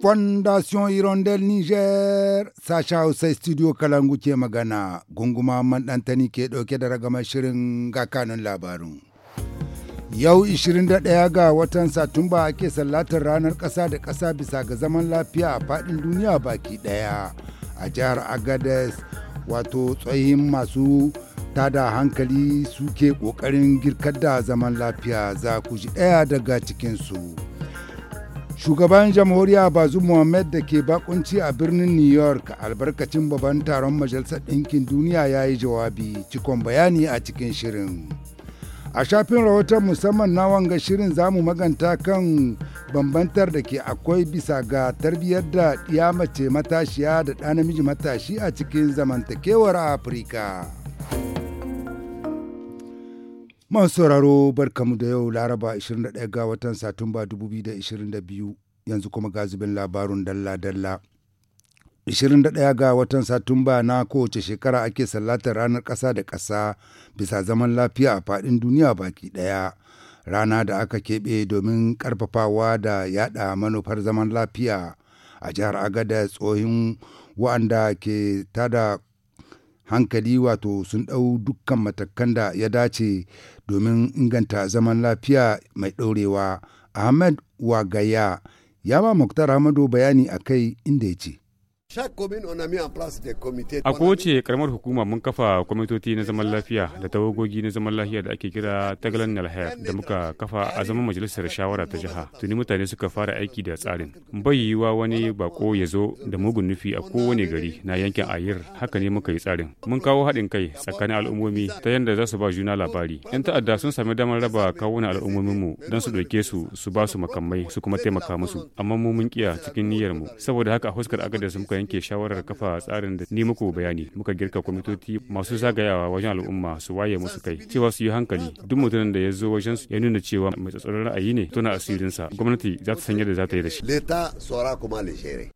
Fondation Hirondelle Niger sacha Hausa Studio Kalangu ke magana gunguma tani ke ɗauke da ragamar shirin ga kanun labarin. Yau 21 ga watan Satumba ake sallatar ranar ƙasa da ƙasa bisa ga zaman lafiya a faɗin duniya baki ɗaya a jihar Agades wato tsohin masu tada hankali suke ƙoƙarin girkar da zaman lafiya za ku ji ɗaya daga cikinsu. shugaban jamhuriya bazu mohammed da ke bakunci a birnin new york albarkacin babban taron majalisar ɗinkin duniya ya yi jawabi cikon bayani a cikin shirin a shafin rahoton musamman na wanga shirin zamu maganta kan bambantar da ke akwai bisa ga tarbiyyar da ya mace matashiya da ɗa namiji matashi a cikin zamantakewar afirka Masu sauraro barkamu da yau Laraba 21 ga watan Satumba 2022 yanzu kuma ga zubin labarun dalla-dalla. 21 ga watan Satumba na kowace shekara ake sallatar ranar ƙasa da ƙasa bisa zaman lafiya a faɗin duniya baki ɗaya. Rana da aka keɓe domin ƙarfafawa da yaɗa manufar zaman lafiya a jihar Agada tsohin wa'anda ke tada hankali wato sun ɗau dukkan matakan da ya dace domin inganta zaman lafiya mai ɗorewa ahmed wagaya ya ba muktar hamadu bayani a kai inda ya ce A kowace karamar hukuma mun kafa kwamitoci na zaman lafiya da tawagogi na zaman lafiya da ake kira tagalan nalhayar da muka kafa a zaman majalisar shawara ta jiha. Tuni mutane suka fara aiki da tsarin. Bai yiwuwa wani bako ya zo da mugun nufi a kowane gari na yankin Ayir haka ne muka yi tsarin. Mun kawo haɗin kai tsakanin al'ummomi ta yadda za su ba juna labari. 'Yan ta'adda sun sami damar raba kawunan al'ummominmu don su ɗauke su su ba su makamai su kuma taimaka musu. Amma mu mun kiya cikin niyyar mu saboda haka a huskar agadar sun yanke shawarar kafa tsarin da ni muku bayani muka girka kwamitoci masu zagayawa wajen al'umma su waye musu kai cewa su yi hankali duk mutumin da ya zo wajen su ya nuna cewa mai tsatsarin ra'ayi ne tuna asirinsa gwamnati za ta san yadda za ta yi da shi. Leta tsora kuma lishere.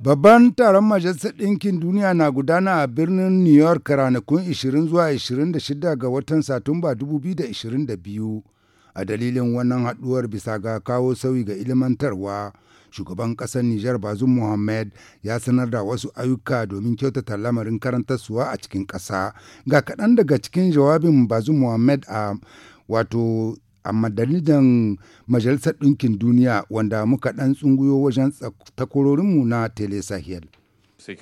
Babban taron Majalisar Ɗinkin Duniya na gudana a birnin New York ranakun 20 zuwa 26 ga watan Satumba 2022. a dalilin wannan haɗuwar bisa ga kawo sauyi ga ilimantarwa shugaban ƙasar Nijar Bazum Mohammed ya sanar da wasu ayyuka domin kyautata lamarin karantarsuwa a cikin kasa Ga kaɗan daga cikin jawabin Bazum Mohamed a wato a madalidan Majalisar Ɗinkin Duniya wanda muka ɗan tsunguyo wajen takwarorinmu na Tele Sahel. A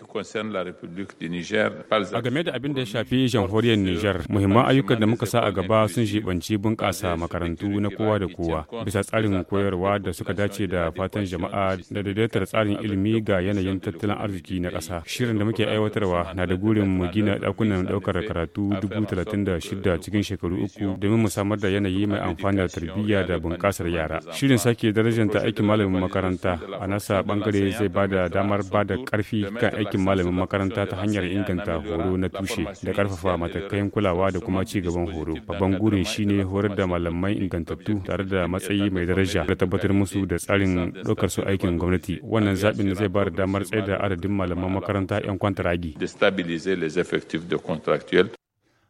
game da abin da ya shafi jamhuriyar Nijar, muhimman ayyukan da muka sa a gaba sun shibanci bunƙasa makarantu na kowa da kowa bisa tsarin koyarwa da suka dace da fatan jama'a da daidaitar tsarin ilimi ga yanayin tattalin arziki na ƙasa. Shirin da muke aiwatarwa na da gurin mu gina ɗakunan ɗaukar karatu dubu talatin da shida cikin shekaru uku domin mu samar da yanayi mai amfani da tarbiyya da bunƙasar yara. Shirin sake darajanta aikin malamin makaranta a nasa bangare zai ba da damar ba da ƙarfi kan aikin malamin makaranta ta hanyar inganta horo na tushe da karfafa matakan kulawa da kuma ci gaban horo. Babban gurin shine horar da malamai ingantattu tare da matsayi mai daraja da tabbatar musu da tsarin ɗaukar su aikin gwamnati. Wannan zaɓin zai ba da damar tsayar da adadin malaman makaranta 'yan kwantaragi. de les effectifs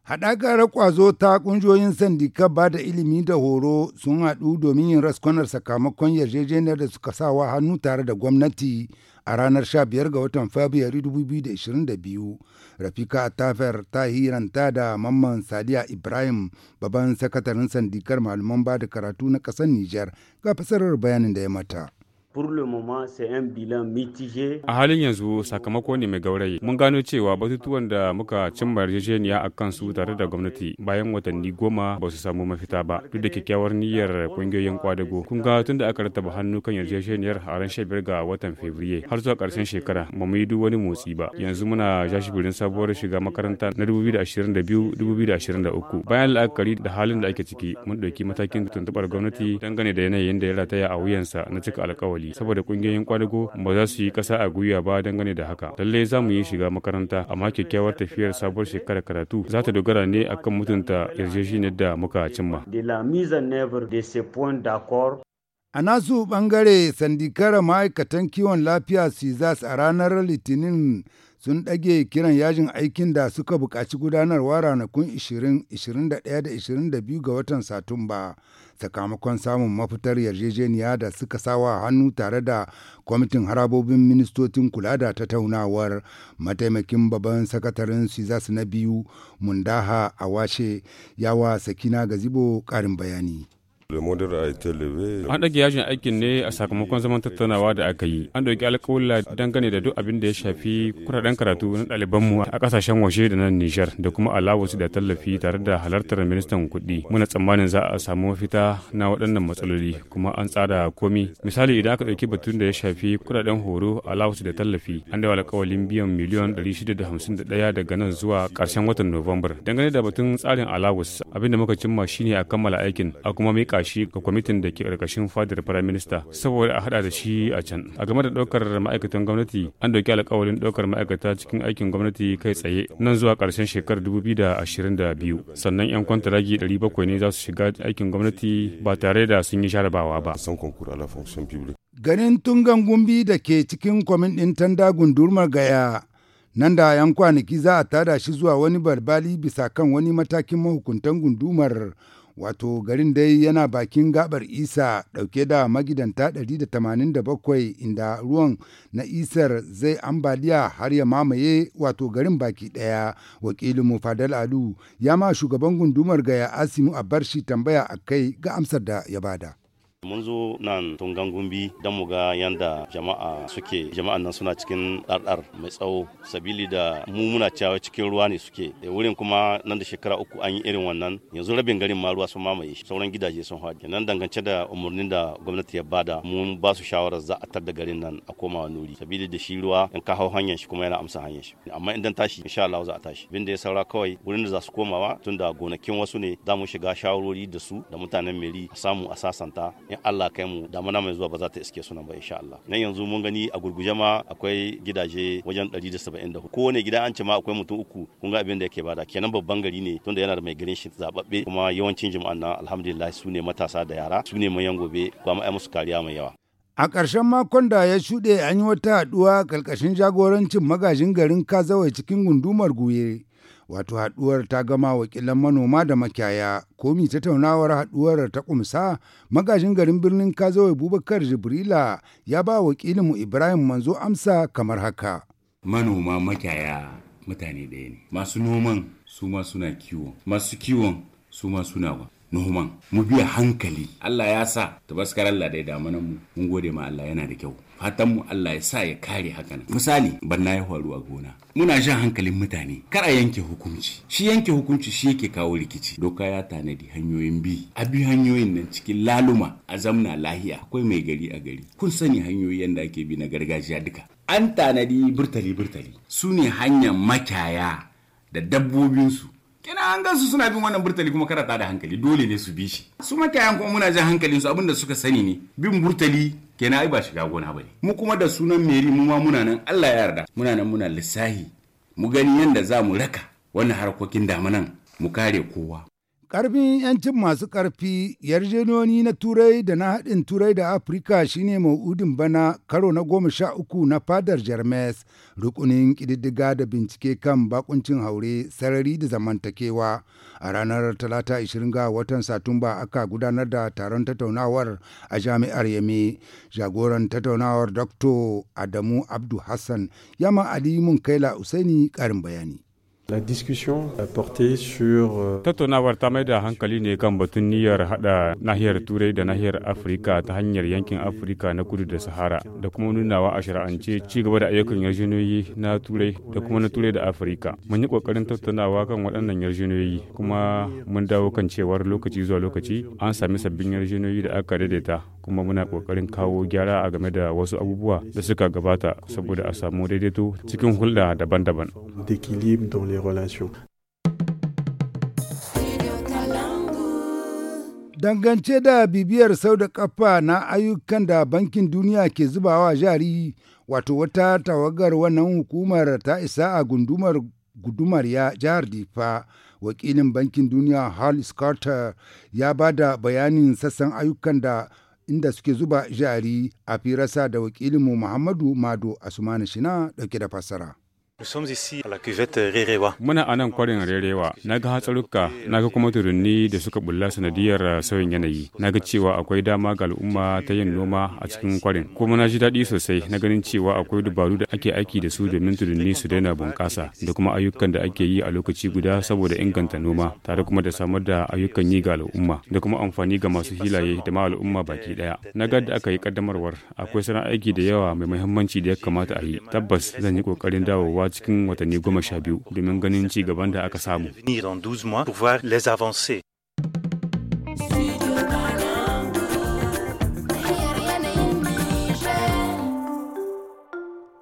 Haɗakar kwazo ta ƙungiyoyin sandika ba da ilimi da horo sun haɗu domin yin raskonar sakamakon yarjejeniyar da suka sawa hannu tare da gwamnati a ranar 15 ga watan Fabrairu 2022. Rafika tafiyar ta hiranta da Mamman Sadiya Ibrahim babban sakataren sandikar malaman ba da karatu na ƙasar Nijar ga fasarar bayanin da ya mata. A halin yanzu sakamako ne mai gaurayi. Mun gano cewa batutuwan da muka cimma yarjejeniya a kansu tare da gwamnati bayan watanni goma ba su samu mafita ba duk da kyakkyawar niyyar kungiyoyin kwadago. Kun ga tun da aka rattaba hannu kan yarjejeniyar a ran shabiyar ga watan Fabrairu har zuwa karshen shekara ba mu yi duk wani motsi ba. Yanzu muna jashibirin sabuwar shiga makaranta na 2022-2023. Bayan la'akari da halin da ake ciki mun ɗauki matakin tuntuɓar gwamnati dangane da yanayin da ya rataya a wuyansa na cika alkawali. hankali saboda kungiyoyin kwadago ba za su yi kasa a gwiwa ba dangane da haka lallai za mu yi shiga makaranta amma kyakkyawar tafiyar sabuwar shekarar karatu za ta dogara ne akan mutunta yarjejeniyar da muka cimma A nasu ɓangare sandikara ma'aikatan kiwon lafiya Cizas a ranar Litinin sun ɗage kiran yajin aikin da suka buƙaci gudanarwa ranakun 20, 21 da 22 ga watan Satumba sakamakon samun mafitar yarjejeniya da suka sawa hannu tare da kwamitin harabobin ministocin kula da tattaunawar mataimakin babban sakataren su na biyu Mundaha Awashe yawa Sakina Gazibo ƙarin bayani. An ɗage yajin aikin ne a sakamakon zaman tattaunawa da aka yi. An ɗauki alƙawalla dangane da duk abin da ya shafi kuɗaɗen karatu na ɗalibanmu a ƙasashen washe da nan Nijar da kuma alawus da tallafi tare da halartar ministan kuɗi. Muna tsammanin za a samu mafita na waɗannan matsaloli kuma an tsara komi. Misali idan aka ɗauki batun da ya shafi kuɗaɗen horo alawus da tallafi an dawo alƙawalin biyan miliyan ɗaya daga nan zuwa ƙarshen watan Nuwamba. Dangane da batun tsarin alawus abin da muka cimma shine a kammala aikin a kuma miƙa mika shi ga kwamitin da ke ƙarƙashin fadar firaminista saboda a haɗa da shi a can a game da ɗaukar ma'aikatan gwamnati an ɗauki alƙawarin ɗaukar ma'aikata cikin aikin gwamnati kai tsaye nan zuwa ƙarshen shekarar biyu sannan 'yan kwantaragi 700 ne za su shiga aikin gwamnati ba tare da sun yi sharabawa ba ganin tungan gumbi da ke cikin kwamin ɗin tanda gundurmar gaya nan da yan kwanaki za a tada shi zuwa wani balbali bisa kan wani matakin mahukuntan gundumar wato garin dai yana bakin gabar isa dauke da magidanta 187 inda ruwan na isar zai ambaliya har ya mamaye wato garin baki daya wakilin fadal alu ya ma shugaban gundumar gaya asimu a shi tambaya a kai ga amsar da ya bada mun zo nan tungan gumbi don mu ga yanda jama'a suke jama'an nan suna cikin ɗarɗar mai tsawo sabili da mu muna cewa cikin ruwa ne suke da wurin kuma nan da shekara uku an yi irin wannan yanzu rabin garin ma ruwa sun mamaye shi sauran gidaje sun hawa nan dangance da umarnin da gwamnati ya bada mun ba su shawarar za a tarda garin nan a komawa nuri sabili da shi ruwa in ka hau hanyar shi kuma yana amsa hanyar shi amma idan tashi insha Allah za a tashi bin da ya saura kawai wurin da za su komawa tun da gonakin wasu ne za mu shiga shawarori da su da mutanen meri a samu a sasanta in Allah kai mu damana mai zuwa ba za ta iske sunan ba insha Allah nan yanzu mun gani a gurguje ma akwai gidaje wajen 174 kowane gida an ce ma akwai mutum uku kun ga abin da yake bada kenan babban gari ne tunda yana da mai garin shi zababbe kuma yawancin jama'an nan alhamdulillah su ne matasa da yara su ne manyan gobe kuma ai musu kariya mai yawa A ƙarshen makon da ya shuɗe an yi wata haɗuwa ƙarƙashin jagorancin magajin garin Kazawai cikin gundumar Guye wato haɗuwar ta gama wakilan manoma da makiyaya komi tattaunawar haɗuwar ta kumsa magajin garin birnin kazawai bubakar jibrila ya ba wakilinmu ibrahim manzo amsa kamar haka manoma makiyaya mutane ɗaya ne masu noman su ma suna kiwon masu kiwon su ma suna noman mu biya hankali Allah ya sa tabaskar Allah da ya damu mu mun gode ma Allah yana da kyau fatan mu Allah ya sa ya kare hakan misali banna ya faru a gona muna jan hankalin mutane kar a yanke hukunci shi yanke hukunci shi yake kawo rikici doka ya tanadi hanyoyin bi a bi hanyoyin nan cikin laluma a zamna lahiya akwai mai gari a gari kun sani hanyoyi yanda ake bi na gargajiya duka an tanadi burtali burtali su ne hanyar makyaya da dabbobinsu kina an su suna bin wannan burtali kuma karata da hankali dole ne su bi shi su makayan kuma muna jan hankalin su abinda suka sani ne bin burtali kenan ai ba shiga gona bane mu kuma da sunan meri mu ma muna nan Allah ya yarda muna nan muna lissahi mu gani yanda za mu raka wannan harkokin damanan mu kare kowa Ƙarfin 'yancin masu ƙarfi, yarjejeniyoyi na Turai da na haɗin Turai da Afirka shine ma'udin bana karo na goma sha uku na fadar Jarmes, rukunin ƙididdiga da bincike kan bakuncin haure, sarari da zamantakewa. A ranar talata 20 ga watan Satumba aka gudanar da taron tattaunawar a jami'ar Yame. Jagoran tattaunawar Dr. Adamu Abdu Hassan, Yama Ali Munkaila Usaini ƙarin bayani. la discussion sur. Euh, Tattaunawar ta mai da hankali ne kan batun niyyar hada nahiyar Turai da nahiyar Afirka ta hanyar yankin Afirka na kudu da Sahara da kuma nunawa a shari'ance ci gaba da ayyukan yarjinoyi na Turai da kuma na Turai da Afirka. Mun yi kokarin tattaunawa kan waɗannan yarjinoyi kuma mun dawo kan cewar lokaci zuwa lokaci an sami sabbin yarjinoyi da aka daidaita kuma muna ƙoƙarin kawo gyara a game da wasu abubuwa da suka gabata saboda a samu daidaito cikin hulɗa daban-daban. Dangance da bibiyar sau da kafa na ayyukan da Bankin Duniya ke zubawa jari, wato wata tawagar wannan hukumar ta isa a gundumar gudumar ya jihar Difa. Wakilin Bankin Duniya Hal Scarter ya ba da bayanin sassan ayyukan da inda suke zuba jari a firarsa da wakilinmu Muhammadu Mado Asumani Shina dauke da fassara. Muna a nan kwarin rerewa, na ga hatsarurruka, na ga kuma turunni da suka bulla sanadiyar sauyin yanayi. Na ga cewa akwai dama ga al'umma ta yin noma a cikin kwarin. Kuma na ji daɗi sosai na ganin cewa akwai dubaru da ake aiki da su domin turunni su daina bunƙasa da kuma ayyukan da ake yi a lokaci guda saboda inganta noma, tare kuma da samar da ayyukan yi ga al'umma da kuma amfani ga masu hilaye da ma al'umma baki ɗaya. Na ga da aka yi ƙaddamarwar, akwai aiki da yawa mai muhimmanci da ya kamata a yi. Tabbas zan yi ƙoƙarin dawowa a cikin watanni goma sha biyu domin ganin ci gaban da aka samu.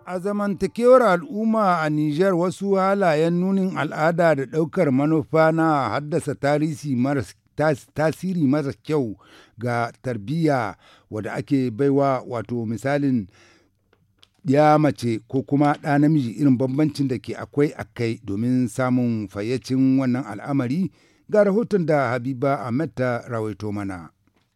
A zamantakewar al'umma a Nijar wasu halayen nunin al'ada da ɗaukar manufa na haddasa tarihi maras tasiri mara kyau ga tarbiyya wadda ake baiwa wato misalin ya mace ko kuma ɗa namiji irin bambancin da ke akwai a kai domin samun fayyacin wannan al'amari ga rahoton da Habiba Ahmed ta rawaito mana.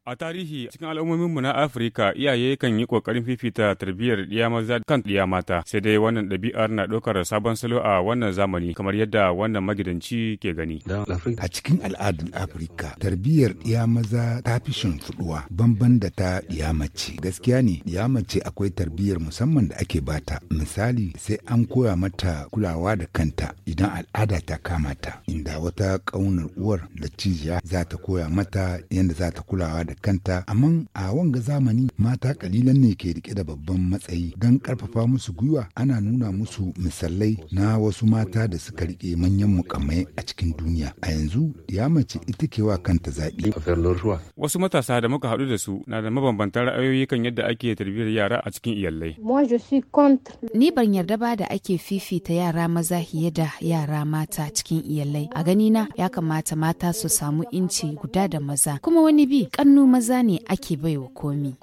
A tarihi cikin mu na Afirka iyaye kan yi ƙoƙarin fifita tarbiyyar ɗiya maza kan ɗiya mata sai dai wannan ɗabi'ar na ɗaukar sabon salo a wannan zamani kamar yadda wannan magidanci ke gani. A cikin al'adun Afirka tarbiyyar ɗiya maza ta fi shimfiɗuwa banban da ta ɗiya mace. Gaskiya ne ɗiya mace akwai tarbiyyar musamman da ake bata misali sai an koya mata kulawa da kanta idan al'ada ta kama ta inda wata ƙaunar uwar da cijiya za ta koya mata yadda za ta kulawa da kanta amma a wanga zamani mata kalilan ne ke rike da babban matsayi don karfafa musu gwiwa ana nuna musu misalai na wasu mata da suka rike manyan mukamai a cikin duniya a yanzu ya mace ita ke wa kanta zaɓi. wasu matasa da muka haɗu da su na da mabambantan ra'ayoyi kan yadda ake tarbiyyar yara a cikin iyalai. ni ban yarda ba da ake fifita yara maza fiye da yara mata cikin iyalai a ganina ya kamata mata su samu inci guda da maza kuma wani bi kannu maza ne ake bai wa komi.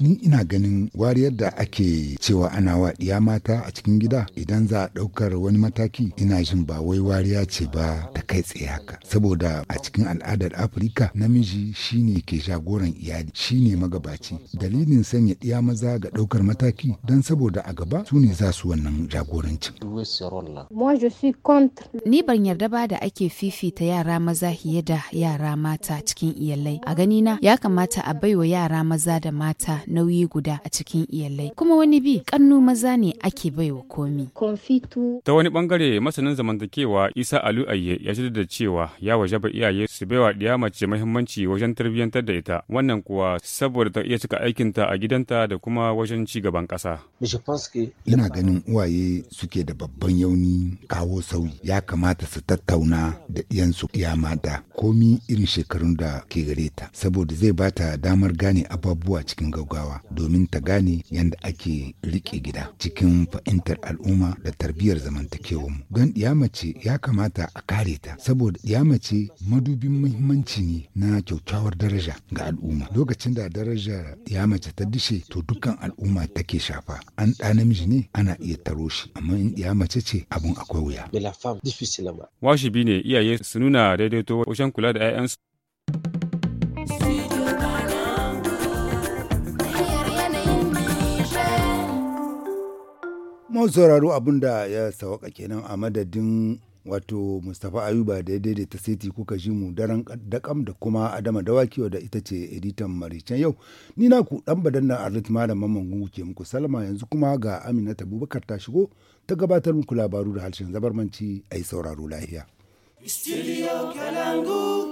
Ni ina ganin wariyar da ake cewa ana wa ɗiya mata a cikin gida idan za a ɗaukar wani mataki ina jin ba wai wariya ce ba ta kai tsaye haka. Saboda a cikin al'adar Afirka namiji shine ke jagoran iyali shine magabaci. Dalilin sanya ɗiya maza ga ɗaukar mataki don saboda a gaba su ne za su wannan jagorancin. Ni ban yarda ba da ake fifita yara maza fiye da yara yara mata cikin iyalai a ganina ya kamata a baiwa yara maza da mata nauyi guda a cikin iyalai kuma wani bi kannu maza ne ake baiwa komi ta wani bangare masanin zamantakewa isa alu ayye ya da cewa ya waje ba iyaye su baiwa ɗiya mace muhimmanci wajen tarbiyyantar da ita wannan kuwa saboda ta iya cika aikinta a gidanta da kuma wajen ci gaban kasa. ina ganin uwaye suke da babban yauni kawo sauyi ya kamata su tattauna da iyansu ya mata komi irin shekarun da ke gare ta saboda zai ba ta damar gane ababuwa cikin gaggawa domin ta gane yadda ake rike gida cikin fahimtar al'umma da tarbiyyar zamantakewar mu. don mace ya kamata a kare ta saboda mace madubin muhimmanci ne na kyaukyawar daraja ga al'umma lokacin da daraja ya mace ta dishe to dukkan al'umma take shafa an ɗa namiji ne ana iya taro shi amma in mace ce abun akwai wuya. bi ne iyaye su nuna daidaito wajen kula da 'ya'yan Mau sauraro abin da ya sauka kenan a madadin wato Mustapha Ayuba da ya daidaita seti kuka ji mu daren dakam da kuma Adama Dawaki da ita ce editan Maricen yau. Ni na ku dan badan nan Arlit Malam Mamman Gungu ke muku salama yanzu kuma ga Aminata Abubakar ta shigo ta gabatar muku labaru da harshen zabarmanci yi sauraro lahiya.